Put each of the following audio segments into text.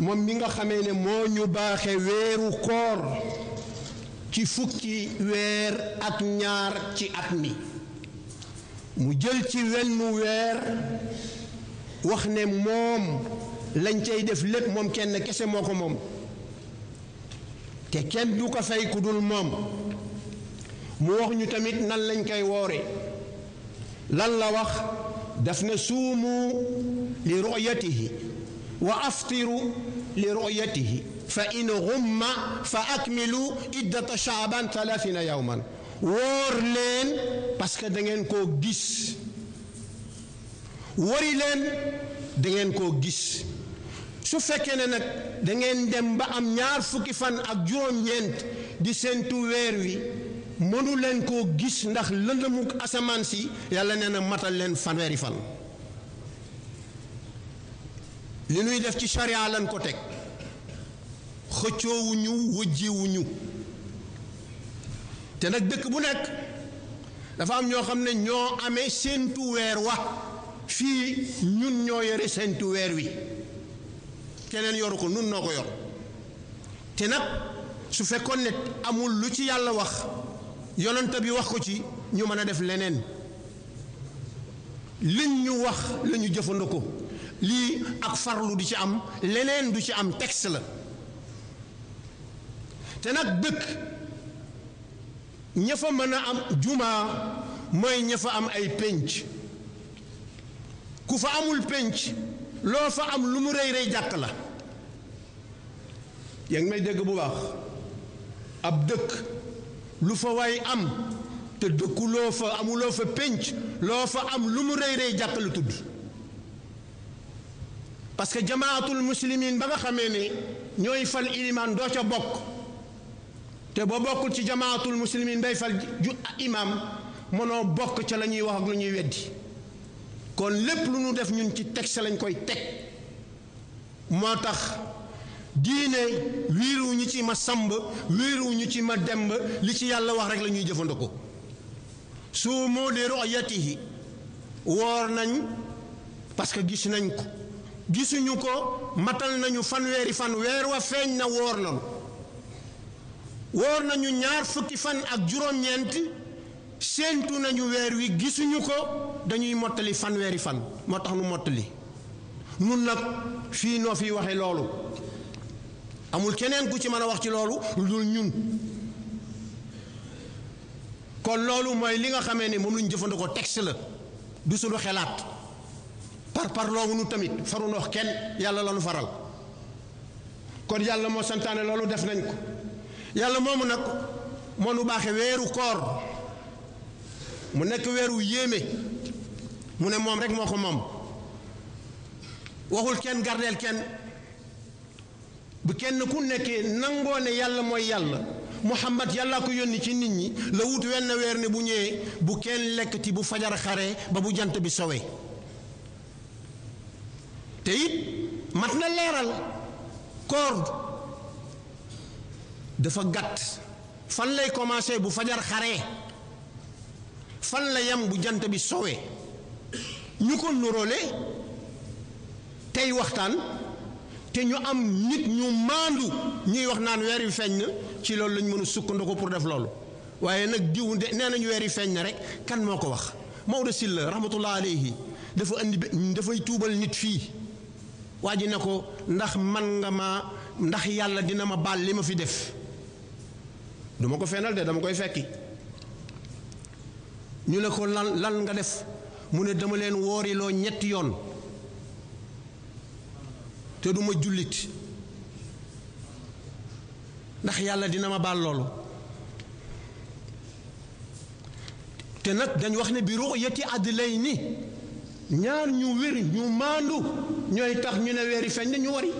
mom mi nga xamé ne mo ñu baxé wéru koor ci fukki wér ak ñaar ci at mi mu jël ci wenn wér wax ne mom lañ cey def lépp mom kenn kessé moko mom te kenn du ko fay kudul mom mu wax ñu tamit nan lañ koy woré lan la wax daf na suumu li ruyatihi وأفطر لرؤيته فإن غم فأكملوا عدة شعبان ثلاثين يوما woor leen parce que da ngeen koo gis wari leen da ngeen koo gis su fekkee ne nag da ngeen dem ba am ñaar fukki fan ak juróom-ñeent di seentu weer wi mënu leen koo gis ndax lëndëmuk asamaan si yàlla nee na matal leen fanweeri fan li nuy def ci sharia lan ko teg xëccoowuñu wuñu te nag dëkk bu nekk dafa am ñoo xam ne ñoo amee seentu weer wa fii ñun ñoo yore seentu weer wi keneen yoru ko nun noo ko yor te nag su fekkoon ne amul lu ci yàlla wax yonent bi wax ko ci ñu mën a def leneen liñ ñu wax la ñu jëfandikoo lii ak farlu du ci am leneen du ci am texte la te nag dëkk ña fa mën a am jumaa mooy ña fa am ay pénc ku fa amul pénc loo fa am lu mu rëy rëy jàkk la yaa ngi may dégg bu baax ab dëkk lu fa waay am te dëkkuloo fa amuloo fa pénc loo fa am lu mu rëy rey jàkk la tudd parce que jamaatul muslimin ba nga xamee ne ñooy fal ilimaan doo ca bokk te boo bokkul ci jamaatul muslimin bay fal ju imaam mënoo bokk ca la ñuy wax ak lu ñuy weddi kon lépp lu ñu def ñun ci teg texte lañ koy teg moo tax diine wiiruwu ñu ci ma sàmb wiiruwu ñu ci ma demb li ci yàlla wax rek la ñuy jëfandikoo su moo dee royatihi woor nañ parce que gis nañ ko gisuñu ko matal nañu fanweeri fan weer wa feeñ na woor nañu woor nañu ñaar fukki fan ak juróom-ñeent séentu nañu weer wi gisuñu ko dañuy mottali fanweeri fan moo tax nu mottali nun nag fii noo fi waxe loolu amul keneen ku ci mën a wax ci loolu lu ñun kon loolu mooy li nga xamee ne moom lu jëfandikoo texte la du suñu xelaat par nu tamit farunoox kenn yàlla lanu faral kon yàlla moo santaane loolu def nañ ko yàlla moomu nag moo baaxe weeru koor mu nekk weeru yéeme mu ne moom rek moo ko moom waxul kenn gardeel kenn bu kenn ku nekkee nangoo ne yàlla mooy yàlla muhammad yàllaa ko yónni ci nit ñi la wut wenn weer ne bu ñëwee bu kenn lekkati bu fajar xare ba bu jant bi sowee te it mat na leeral koor dafa gàtt fan lay commencé bu fajar xaree fan la yem bu jant bi sowee ñu ko nuróole tey waxtaan te ñu am nit ñu maandu ñuy wax naan weer yu feeñ na ci loolu lañ mën a sukkandiku pour def loolu waaye nag diw de nee nañu weer yu feeñ na rek kan moo ko wax Maodo Sylla rahmatullah alayhi dafa andi dafay tuubal nit fii waa ji ne ko ndax man nga ma ndax yàlla dina ma baal li ma fi def duma ko fenal de dama koy fekki ñu ne ko lan lan nga def mu ne dama leen wooriloo ñetti yoon te duma jullit ndax yàlla dina ma baal loolu te nag dañ wax ne bi ru'yati ni ñaar ñu wér ñu maandu ñooy tax ñu ne weeri yi feeñ na ñu wari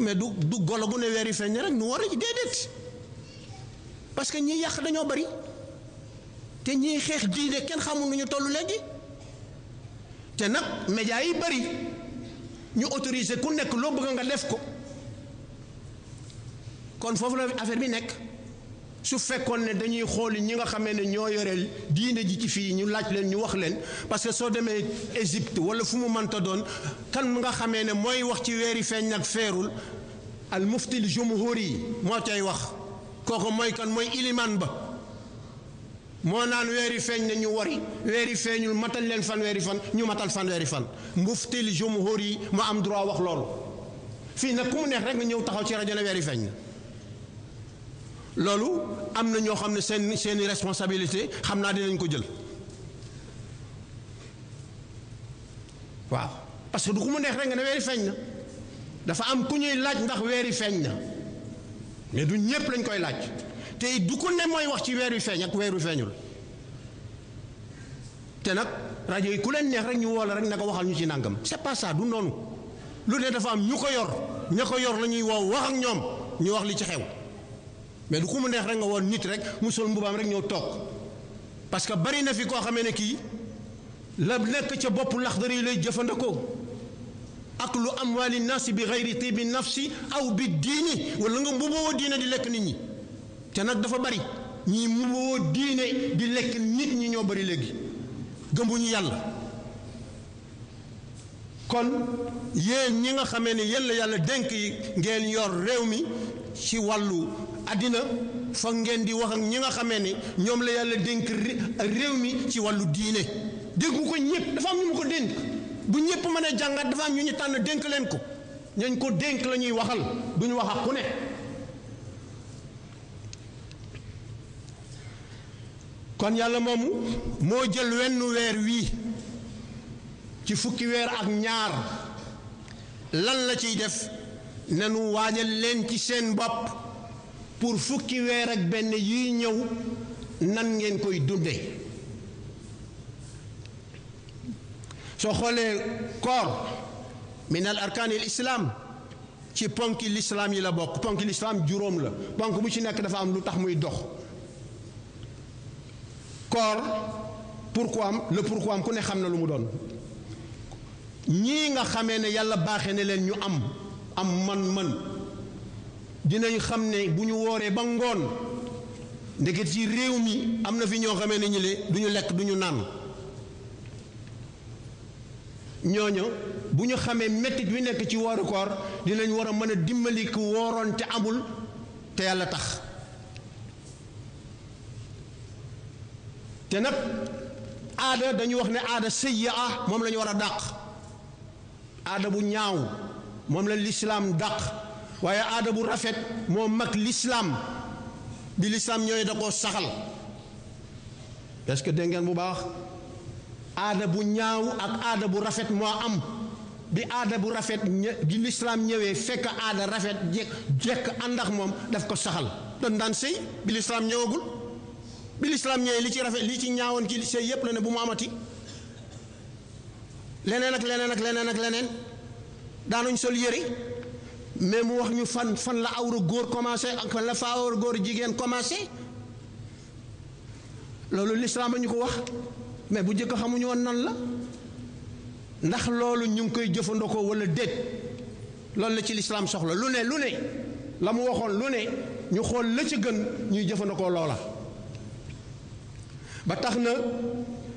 mais du du golo bu ne weeri yi feeñ na rek ñu wari déedéet parce que ñi yàq dañoo bari te ñiy xeex diine kenn xamul nu toll léegi te nag médias yi bari ñu autorisé ku nekk loo bëgg nga def ko kon foofu la affaire bi nekk. su fekkoon ne dañuy xool ñi nga xamee ne ñoo yoreel diine ji ci fii ñu laaj leen ñu wax leen parce que soo demee Égypte wala fu mu mënta doon kan nga xamee ne mooy wax ci weeri feeñ nag feerul al muftil jumhuri moo cay wax kooku mooy kan mooy iliman ba moo naan weeri feeñ ne ñu wari weeri feeñul matal leen fan weeri fan ñu matal fan weeri fan muftil jumhuri mu am droit wax loolu fii nag ku mu neex rek nga ñëw taxaw ci rajo ne weeri feeñ na loolu am na ñoo xam ne seen seeni responsabilité xam naa dinañ ko jël waaw parce que du ku mu neex rek nga ne weeri feeñ na dafa am ku ñuy laaj ndax weeri feeñ na mais du ñépp lañ koy laaj te du ko ne mooy wax ci weer wi feeñ ak weer wi feeñul te nag rajo yi ku leen neex rek ñu woo rek na ko waxal ñu ci nàngam c'est pas du noonu lu ne dafa am ñu ko yor ña ko yor la ñuy woo wax ak ñoom ñu wax li ci xew mais du ko mu neex rek nga won nit rek mu sol mbubam rek ñew tok parce que bari na fi ko xamé ne ki la nek ci bop lakhdari lay jëfëndako أكل أموال الناس بغير طيب النفس أو بالدين ولا نغم بوبو دين دي لك نيني تناك دفا باري ني مبو دين دي لك نيت ني نيو باري لغي غمبو ني يالا كون يي نيغا خامي ني يالا يالا دنك يي نين يور ريومي ci wàllu àddina fa ngeen di wax ak ñi nga xame ne ñoom la yàlla dénk réew mi ci wàllu diine dénku ko ñëpp dafa am ñu mu ko dénk bu ñépp mën a jàngat dafa am ñu ñu tànn dénk leen ko ñañ ko dénk lañuy waxal duñu wax ak ku ne kon yàlla moomu moo jël wenn weer wii ci fukki weer ak ñaar lan la ciy def nu waajal leen ci seen bopp pour fukki weer ak benn yuy ñëw nan ngeen koy dunde soo xoolee koor min al arkaan islaam ci ponki lislaam yi la bokk ponki lislaam juróom la ponk bu ci nekk dafa am lu tax muy dox koor pourquoi am le pourquoi am ku ne xam na lu mu doon ñii nga xamee ne yàlla baaxe ne leen ñu am am man-man dinañ xam ne bu ñu wooree ba ngoon ndeket ci réew mi am na fi ñoo xamee ne ñi du ñu lekk duñu ñu naan ñooñu bu ñu xamee mettit wi nekk ci wooru koor dinañ war a mën a dimbali ku wooroon te amul te yàlla tax te nag aada dañu wax ne aada sayyi'a moom lañu war a dàq aada bu ñaaw moom la lislaam dàq waaye aada bu rafet moo mag lislaam bi lislaam ñooy da koo saxal est-ce que dégg ngeen bu baax aada bu ñaaw ak aada bu rafet moo am bi aada bu rafet bi lislaam ñëwee fekk aada rafet jek jekk ànd ak moom daf ko saxal doon daan sëy bi lislaam ñëwagul bi lislaam ñëwee li ci rafet li ci ñaawoon ci sëy yépp la ne bu mu amati leneen ak leneen ak leneen ak leneen daanañ sol yëre mais mu wax ñu fan fan la awra góor commencé ak fan la fa awra góor jigéen commencé loolu lislaam a ko wax mais bu njëkk xamuñu woon nan la ndax loolu ñu ngi koy jëfandikoo wala déet loolu la ci lislaam soxla lu ne lu ne la mu waxoon lu ne ñu xool la ca gën ñuy jëfandikoo loola ba tax na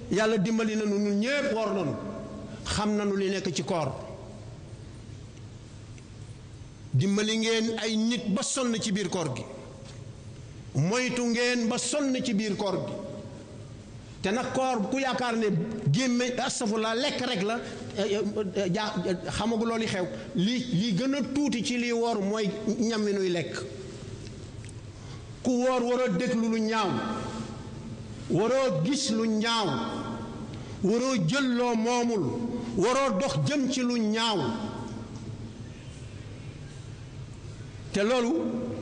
yàlla dimbali nañu ñun ñépp woor nañu xam nanu li nekk ci koor dimbali ngeen ay nit ba sonn ci biir koor gi moytu ngeen ba sonn ci biir koor gi te nag koor ku yaakaar ne gémme astafurlah lekk rek la eh, eh, eh, ja xamagu xew li li gën a tuuti ci lii woor mooy ñam wi nuy lekk ku wor waroo déglu lu ñaaw waroo gis lu ñaaw waroo jël loo moomul waroo dox jëm ci lu ñaaw te loolu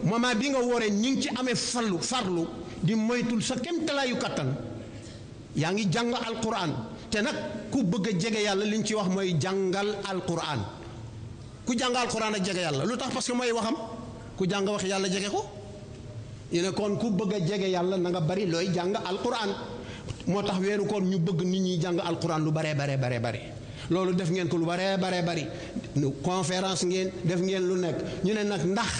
moment bi nga wooree ñu ngi ci amee farlu farlu di moytul sa kéemtalaayu kàttan yaa ngi jàng alquran te nag ku bëgg a jege yàlla li ñu wax mooy jàngal alquran ku jàng alquran ak jege yàlla lu tax parce que mooy waxam ku jàng wax yàlla jege ko ñu ne kon ku bëgg a jege yàlla na nga bari looy jàng alquran moo tax weeru koon ñu bëgg nit ñi jàng alquran lu baree baree baree bare loolu def ngeen ko lu baree baree bari conférence ngeen def ngeen lu nekk ñu ne nag ndax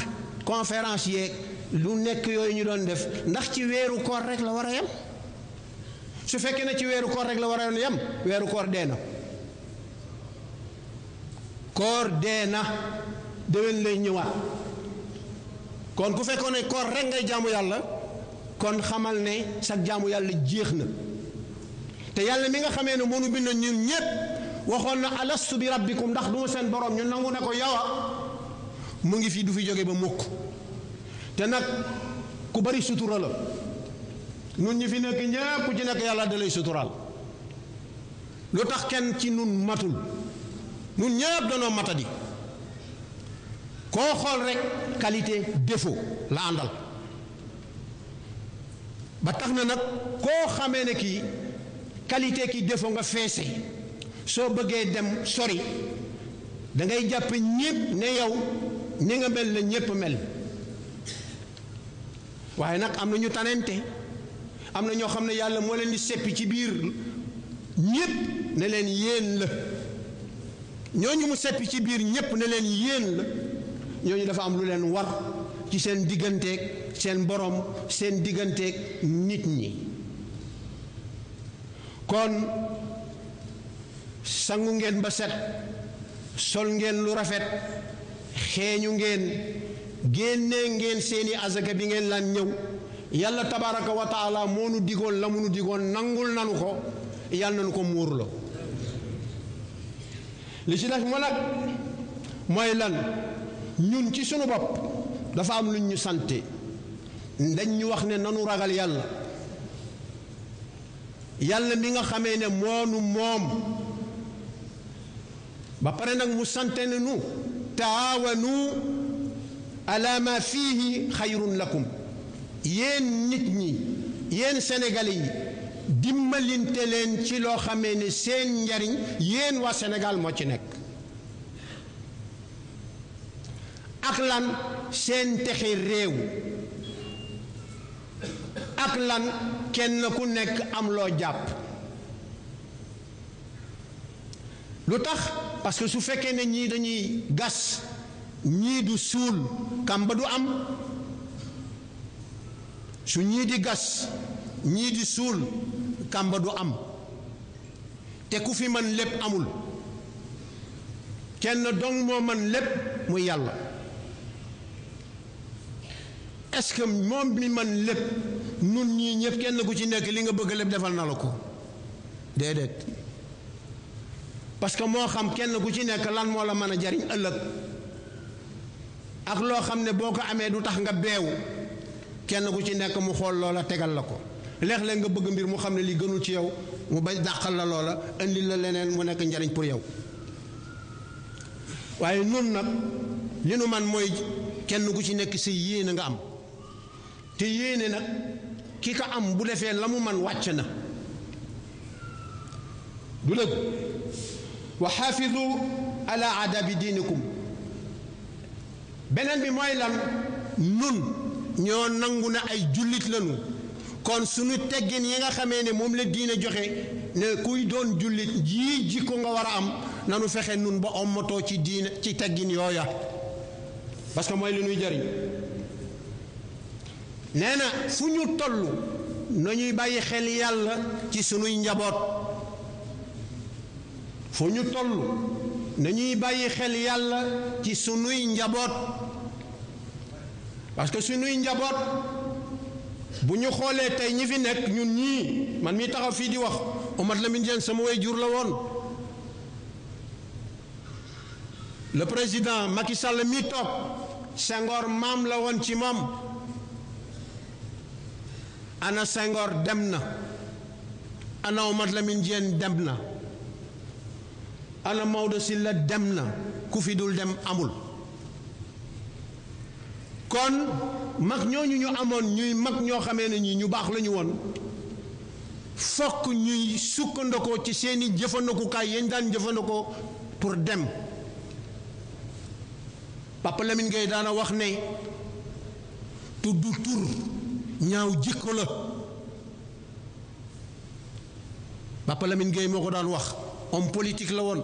conférence yeeg lu nekk yooyu ñu doon def ndax ci weeru koor rek la war a yem su fekkee ne ci weeru koor rek la war a yem weeru koor dee na koor dee na déwén lay ñëwaat kon ku fekkoon ne koor rek ngay jaamu yàlla kon xamal ne sa jaamu yàlla jéex na te yàlla mi nga xamee ne moo nu bind ñun ñépp waxoon na alastu bi rabbikum ndax duma seen borom ñu nangu ne ko yawa ah, mu ngi fi du fi jóge ba mukk te nag ku bari sutura la nun ñi fi ci ci nun matul nun ñépp matadi koo xool rek qualité défaut la àndal ba tax na nag ne qualité ki défaut nga soo bëggee dem sori dangay ngay jàpp ñépp ne yow ni nga mel la ñépp mel waaye nag am na ñu tanante am na ñoo xam ne yàlla moo leen di seppi ci biir ñépp ne leen yéen la ñooñu mu seppi ci biir ñépp ne leen yéen la ñooñu dafa am lu leen war ci seen digganteek seen boroom seen digganteek nit ñi kon sangu ngeen ba set sol ngeen lu rafet xeeñu ngeen génnee ngeen seeni azaka bi ngeen laan ñëw yàlla tabaraka wa taala moo nu digoon la mu nu digoon nangul nanu ko yàlla nanu ko muurloo li ci def ma nag mooy lan ñun ci suñu bopp dafa am lu ñu sante dañ ñu wax ne nanu ragal yàlla yàlla mi nga xamee ne moonu moom ba pare nag mu santene nu taawanu ala ma fihi xayrun lakum yéen nit ñi yéen sénégalais yi dimbalinte leen ci loo xamee ne seen njariñ yéen waa sénégal moo ci nekk ak lan seen texe réew ak lan kenn ku nekk am loo jàpp lutax parce que su fekkee ne ñii dañuy gas ñii du suul kamba du am su ñii di gas ñii di suul kamba du am te ku fi man lépp amul kenn dong mo man lépp muy yàlla est ce que moom mi man lépp nun ñii ñëpp kenn ku ci nekk li nga bëgg lépp defal na la ko parce que moo xam kenn ku ci nekk lan moo la mën a jariñ ëllëg ak loo xam ne boo ko amee du tax nga beewu kenn ku ci nekk mu xool loola tegal la ko léeg-léeg nga bëgg mbir mu xam ne li gënul ci yow mu bañ dàqal la loola indi la leneen mu nekk njariñ pour yow waaye nun nag li nu man mooy kenn ku ci nekk sa yéene nga am te yéene nag ki ko am bu defee la mu man wàcc na du dëgg وحافظوا ala aadabi diinikum beneen bi mooy lan nun ñoo nangu na ay jullit lañu kon suñu teggin yi nga xamee ne moom la diine joxe ne kuy doon jullit yii jikko nga war a am nanu fexe nun ba ommatoo ci diine ci teggin yooya parce que mooy li nuy jëriñ nee na fu ñu toll nañuy bàyyi xel yàlla ci sunuy njaboot fu ñu toll nañuy bàyyi xel yàlla ci sunuy njaboot parce que sunuy njaboot bu ñu xoolee tey ñi fi nekk ñun ñii man mi taxaw fii di wax Omar Lamine Dieng sama way jur la woon le président Macky Sall mi toog Senghor maam la woon ci moom ana sengoor dem na ana la Lamine Dieng dem na ana Maodo Sylla dem na ku fi dul dem amul kon mag ñooñu ñu amoon ñuy mag ñoo xamee ne ñi ñu baax lañu woon fokk ñuy sukkandikoo ci seeni jëfandikukaay yañ daan jëfandikoo pour dem Papa Lamine Gueye daana wax ne tudd tur ñaaw jikko la Papa Lamine Gueye moo ko daan wax homme politique la woon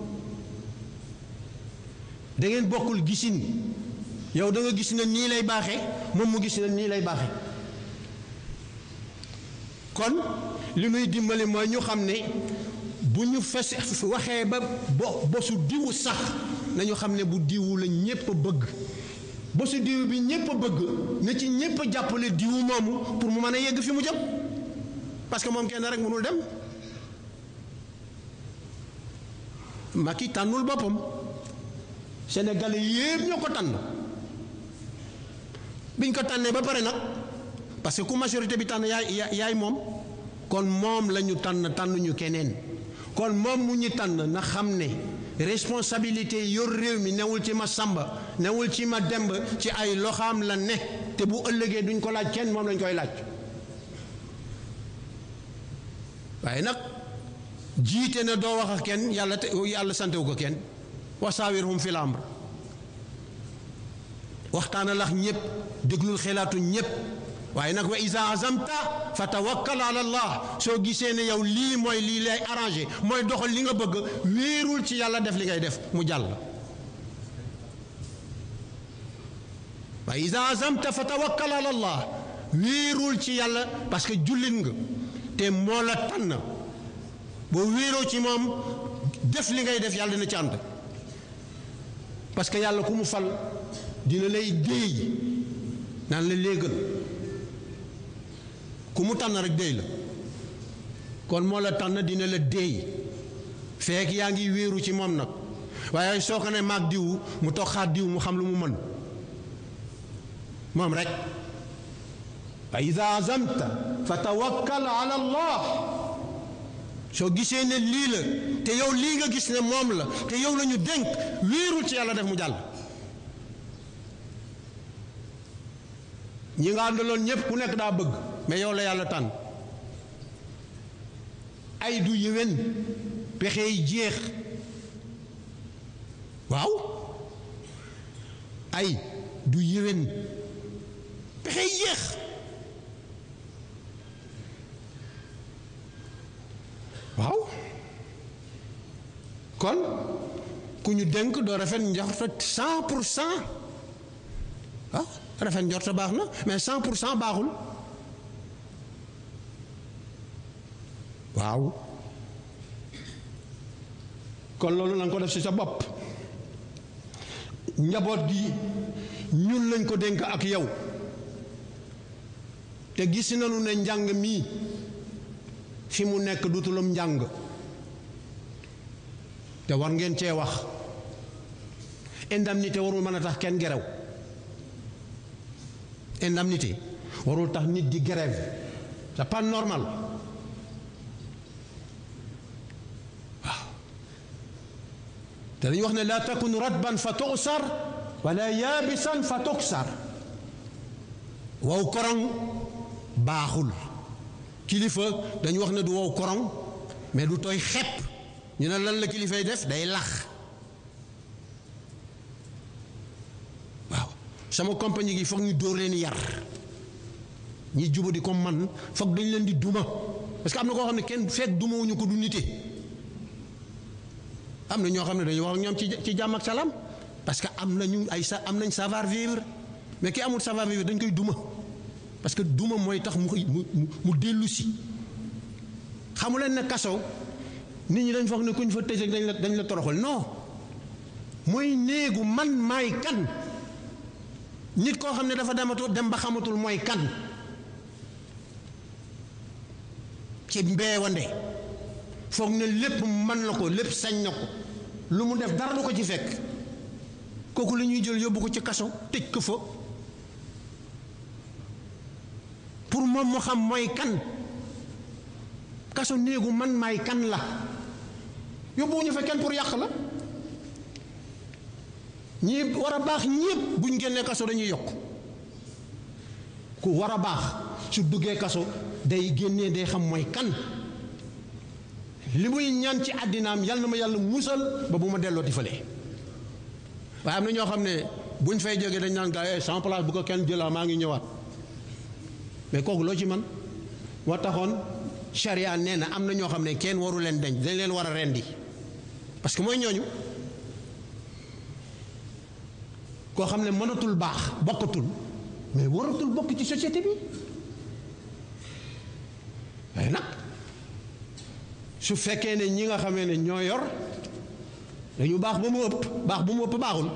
da ngeen bokkul gisin yow da nga gis ne nii lay baaxee moom mu gis ne nii lay baaxe kon li muy dimbali mooy ñu xam ne bu ñu fas waxee ba bo bosu diwu sax nañu xam ne bu diwu la ñépp bëgg bosu diw bi ñépp bëgg na ci ñépp jàppale diwu moomu pour mu mën a yegg fi mu jëm parce que moom kenn rek mënul dem Maki tànnul boppam sénégalais yépp ñoo ko tànn biñ ko tànnee ba pare nag parce que ku majorité bi tànn yaay yaay moom kon moom lañu tànn tànnuñu keneen kon moom mu ñu tànn na xam ne responsabilité yor réew mi newul ci ma sàmba newul ci ma demb ci ay loxaam la ne te bu ëllëgee duñ ko laaj kenn moom lañ koy laaj waaye nag jiite na doo wax ak kenn yàlla te yàlla santewu ko kenn وساورهم في الامر واختان الله نيب دغل الخيلات نيب واي نك واذا عزمت فتوكل على الله سو غيسين ياو لي موي لي لاي ارانجي موي دوخل ليغا بوج ويرول سي يالا ديف ليغاي ديف مو جال واذا عزمت فتوكل على الله ويرول سي يالا باسكو جولينغ تي مولا تان بو ويرو سي موم ديف ليغاي ديف يالا نتياند دي parce que yàlla kumu fal dina lay déey nan la legal kumu tan rek déey la kon mo la tan dina la déey fek yaangi wëru ci mom nak waye so ko mag maag diw mu toog xaat diw mu xam lu mu man mom rek fa ida azamta fa tawakkal ala allah soo gisee ne lii la te yow lii nga gis ne moom la te yow lañu dénk wéerul ci yàlla def mu jàll ñi nga àndaloon ñëpp ku nekk daa bëgg mais yow la yàlla tànn ay du yéwén pexe yi jeex waaw ay du yéwén pexe yi kon ku ñu dénk doo rafet njorto cent pour cent ah rafet njorto baax na mais cent pour cent baaxul waaw kon loolu na ko def ci sa bopp njaboot gi ñun lañ ko dénk ak yow te gis nanu ne njàng mii fi mu nekk dutulum njàng te war ngeen cee wax indemnité warul mën a tax kenn gerew indemnité warul tax nit di grève c'est pas normal waaw te dañu wax ne laa takun ratban fa tuxsar wala yaabisan fa tuxsar wow korong baaxul kilifa dañu wax ne du wow korong mais du tooy xepp ñu ne lan la kilifay def day lax waaw sama compagnie gi foog ñu dóor leen yar ñi jubadi comme man foog dañu leen di duma parce que am na koo xam ne kenn fekk dumawuñu ko du nite am na ñoo xam ne dañu wax ak ñoom ci ci jàmm ak salaam parce que am ñu ay sa am nañ savoir vivre mais ki amul savoir vivre dañ koy duma parce que duma mooy tax mu mu dellu si xamu leen ne kaso nit ñi dañ foog ne kuñ fa tëj rek dañ la dañ la toroxal non mooy néegu man maay kan nit koo xam ne dafa dematul dem ba xamatul mooy kan ci mbeewande foog ne lépp man na ko lépp sañ na ko lu mu def dara du ko ci fekk kooku la ñuy jël yóbbu ko ci kaso tëj ko fa pour moom mu xam mooy kan kaso néegu man maay kan la yóbbuwuñu fa kenn pour yàq la ñi war a baax bu buñ génnee kaso dañuy yokk ku war a baax su duggee kaso day génnee day xam mooy kan li muy ñaan ci àddinaam yal na ma yàlla mu musal ba bu ma delloo di fale waaye am na ñoo xam ne buñ fay jógee dañ naan gaa yi eh, sans place bu ko kenn jëlaa ah, maa ngi ñëwaat mais kooku loo ci man moo taxoon charia nee na am na ñoo xam ne kenn waru leen denc dañ leen war a rendi parce que mooy ñooñu koo xam ne mënatul baax bokkatul mais waratul bokk ci société bi waaye nag su fekkee ne ñi nga xamee ne ñoo yor dañu baax ba mu ëpp baax bu mu baaxul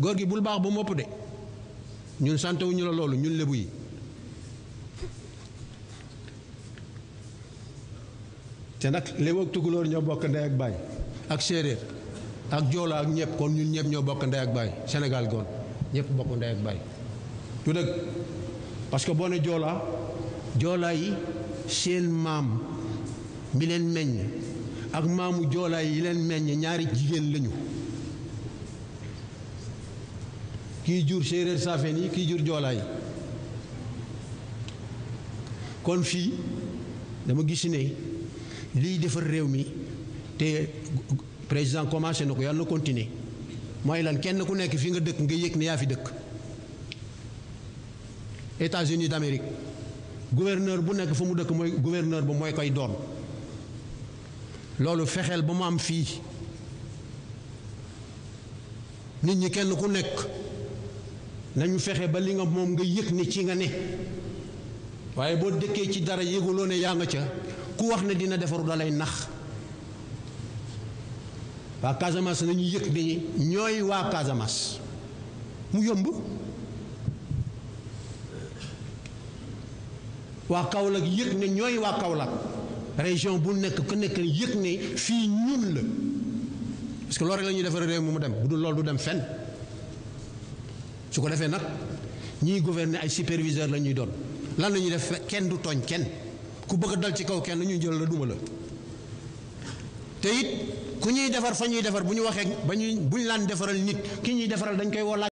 góor gi bul baax ba mu ëpp de ñun santewuñu la loolu ñun lebu yi te nag léewoog tukulóor ñoo bokk ndey ak baay ak séeréer ak joola ak ñëpp kon ñun ñëpp ñoo bokk ndey ak baay Sénégal goon ñëpp bokk ndey ak baay du dëgg parce que boo joola joolaa yi seen maam mi leen meññ ak maamu joolaa yi leen meññ ñaari jigéen lañu kii jur séeréer saafeen yi kii jur joolaa yi kon fii dama gis ne liy defar réew mi te président commencé na ko yàlla na continuer mooy lan kenn ku nekk fi nga dëkk nga yëg ne yaa fi dëkk États-Unis d'Amérique gouverneur bu nekk fa mu dëkk mooy gouverneur ba mooy koy doon loolu fexeel ba mu am fii nit ñi kenn ku nekk nañu fexe ba li nga moom nga yëg ni ci nga ne waaye boo dëkkee ci dara yëguloo ne yaa nga ca ku wax ne dina defaru dalay nax waa Casamance nañu yëg ne ñooy waa Casamance mu yomb waa Kaolack yëg ne ñooy waa Kaolack région bu nekk ku nekk yëg ne fii ñun la parce que rek la ñuy defar réew mi mu dem bu dul loolu du dem fenn su ko defee nag ñiy gouverner ay superviseur la ñuy doon lan la ñuy def kenn du tooñ kenn ku bëgg dal ci kaw kenn ñu jël la duma la te it ku ñuy defar fa ñuy defar bu ñu waxee laan defaral nit ki ñuy defaral dañ koy